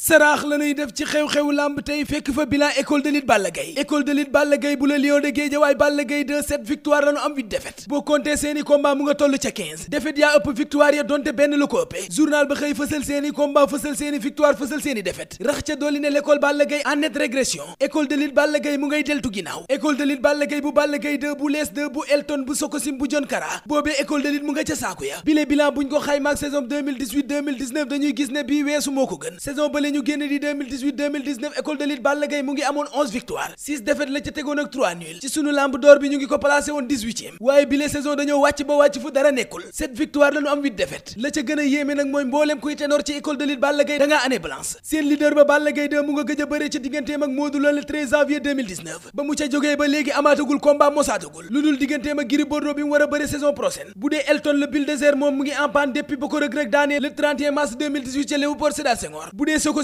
saraax la ñuy def ci xew-xewu lamb tey fekk fa bilan école de lutte Balla Gaye école de lutte bu la Lion de Guédiawaye Balla Gaye 2 7 victoire la am 8 défaite boo seeni combat mu nga toll ca 15 yaa ëpp victoire ya donte benn la ko ëppee journal ba xëy fësal seeni combat fësal seeni victoire fësal seeni défaite rax ca dolli ne l'école Balla Gaye en nette régression école de lutte Balla mu ngay deltu ginnaaw école de lutte Balla bu Balla année génn di 2018 de lutte Balla Gaye mu ngi amoon 11 victoires 6 défaites la ca tegoon ak 3 nuls ci sunu lamb bi ñu ngi ko placé woon 18e waaye bi saison dañoo wàcc ba wàcc fu dara nekkul 7 victoires la am 8 la ca gën a yéeme nag mooy mbooleem kuy ténor ci école de lutte Balla Gaye da ngaa année seen leader ba Balla Gaye 2 mu nga gëj a bëree ci digganteem ak Modou le 13 janvier ba mu ca jógee ba léegi amaatagul combat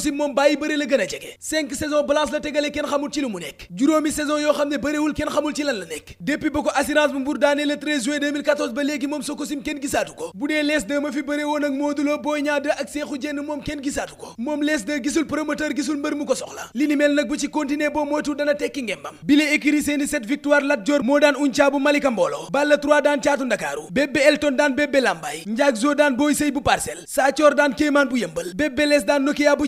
ko moom bàyyi bëri la gën a jege cinq saison balance la tegale kenn xamul ci lu mu nekk juróomi saison yoo xam ne bëriwul kenn xamul ci lan la nekk depuis ba ko assurance bu Mbour daanee le 13 juin 2014 ba léegi moom soo ko sim kenn gisaatu ko bu dee lees ma fi bëre woon ak Modou Lo Boy Niang 2 ak Cheikhou Diène moom kenn gisaatu ko moom lees gisul promoteur gisul mbër mu ko soxla li ni mel nag bu ci continuer boo moytu dana tekki ngembam bile écrit seeni sept victoire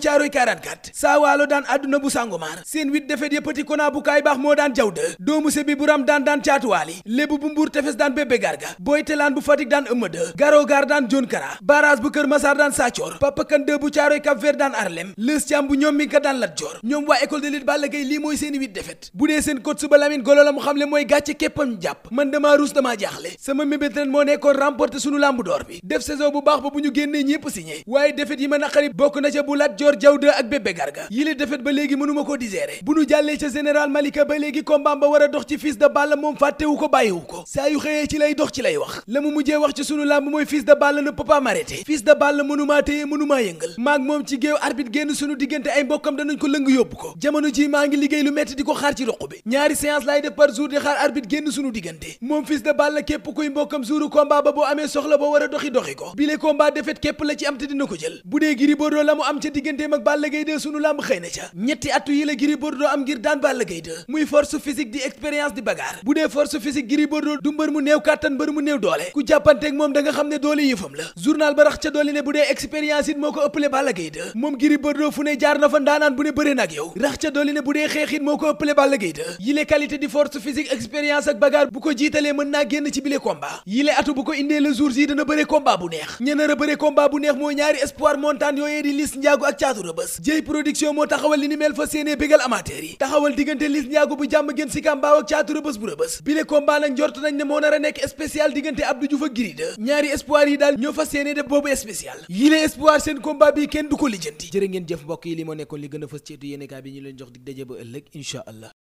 caaroy 44 saa daan àdduna bu sàngumaar seen huit defet ya petit bu kaay baax moo daan jaw de doomu se bi daan daan caatuwaali lébu bu mbuur tefes daan bébé garga booy bu Fatick daan ëmma de garo daan jon kara barage bu kër masaar daan saacoor papakan de bu caaroy cap vert daan arlem lës bu ñoom daan lat ñoom waa école de lutte Balla lii mooy seen huit defet bu dee seen coach ba Lamine Golo la mu Dior Diaw 2 ak Bébé Garga yile defet ba léegi mënuma ko digérer bu nu jàllee ca général Malika ba léegi combat ba war dox ci fils de Balla moom fàttewu ko bàyyiwu ko saa yu xëyee ci lay dox ci lay wax la mu mujjee wax ci sunu làmb mooy fils de Balla ne peut pas m'arrêter fils de Balla mënumaa téye mënumaa yëngal maag moom ci géew arbitre génn sunu diggante ay mbokkam danañ ko lëng yóbbu ko jamono ji maa ngi liggéey lu metti di ko xaar ci roq bi ñaari séance moom fils de kuy mbokkam jouru combat ba boo amee soxla ba war a doxi la am te dina ko jël bu dee ak Balla Gaye sunu lamb xëy na ca ñetti atu yi la am ngir daan Balla Gaye muy force physique di expérience di bagaar bu dee force physique Gris du mbër mu néew kàttan mbër mu néew doole ku jàppanteeg moom da nga xam ne doole yëfam la journal ba rax ca doole ne bu dee expérience it moo ko ëppale Balla Gaye 2 moom Gris fu ne jaar na fa ndaanaan bu ne bëre nag yow rax ca doole ne bu dee xeex it moo ko ëppale Balla Gaye 2 yile qualité stade Rebeuss jéy production moo taxawal li ni mel fa séenee bégal amateur yi taxawal diggante Liss Ndiago bu jàmm gën si ak caatu Rebeuss bu Rebeuss bi le combat nag nañ ne moo nar a nekk spécial diggante Abdou Diouf ak Gris 2 ñaari espoir yi daal ñoo fa séenee def boobu spécial yi espoir seen combat bi kenn du ko lijjanti jërë ngeen jëf mbokk yi li nekkoon li gën a fës ci etu bi ñu leen jox dig daje ëllëg incha allah